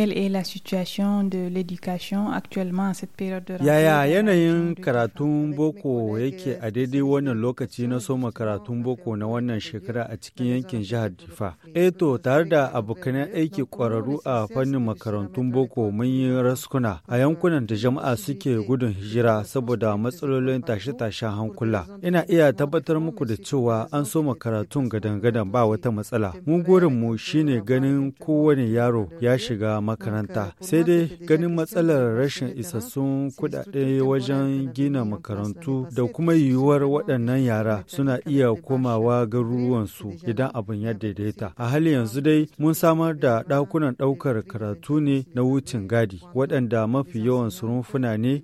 Quelle est la situation de l'éducation actuellement à cette période de Yaya yanayin karatun boko yake a daidai wannan lokaci na soma karatun boko na wannan shekara a cikin yankin jihar Difa. Eto eh tare da abokan aiki kwararru a fannin makarantun boko mun yi raskuna a yankunan da jama'a suke gudun hijira saboda matsalolin tashe-tashen hankula. Ina iya tabbatar muku da cewa an soma karatun gadan-gadan ba wata matsala. Mun gurin mu shine ganin kowane yaro ya shiga makaranta sai dai ganin matsalar rashin isassun kudade wajen gina makarantu da kuma yiwuwar waɗannan yara suna iya komawa garuruwansu idan abin ya daidaita a hali yanzu dai mun samar da ɗakunan ɗaukar karatu ne na wucin gadi waɗanda mafi yawan rumfuna ne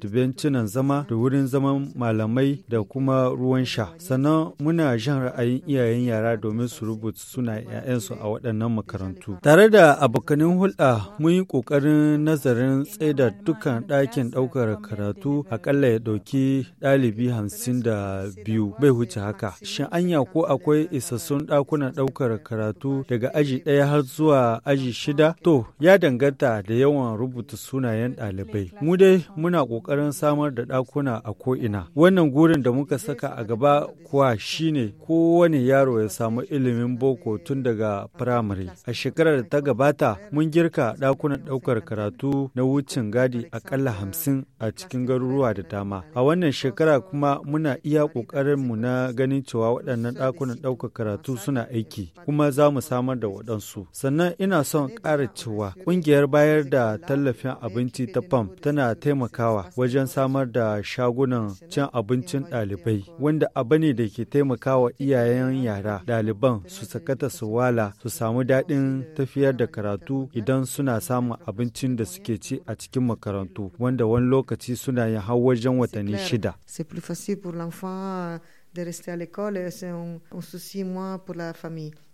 da zama da wurin zaman malamai da kuma ruwan sha sannan muna jan ra'ayin iyayen yara domin su rubuta suna 'ya'yansu a waɗannan makarantu tare da abokanin hulɗa mun yi ƙoƙarin nazarin tsaida dukkan ɗakin ɗaukar karatu aƙalla ya ɗauki ɗalibi hamsin da biyu bai wuce haka. Shin anya ko akwai isassun ɗakunan ɗaukar karatu daga aji ɗaya har zuwa aji shida? To, ya danganta da yawan rubuta sunayen ɗalibai. Mu dai muna ƙoƙarin samar da ɗakuna a ko'ina. Wannan gurin da muka saka a gaba kuwa shine kowane yaro ya samu ilimin boko tun daga firamare. A shekarar da ta gabata mun girka ɗakunan ɗaukar karatu na wucin gadi akalla hamsin a cikin garuruwa da dama. A wannan shekara kuma muna iya mu na ganin cewa waɗannan ɗakunan ɗaukar karatu suna aiki, kuma za mu samar da waɗansu. Sannan ina son ƙara cewa ƙungiyar bayar da tallafin abinci ta PAM tana taimakawa wajen samar da shagunan cin abincin ɗalibai, wanda abu ne da ke taimakawa iyayen yara ɗaliban su sakata su wala su samu daɗin tafiyar da karatu idan suna C'est plus facile pour l'enfant euh, de rester à l'école, et c'est un, un souci moins pour la famille.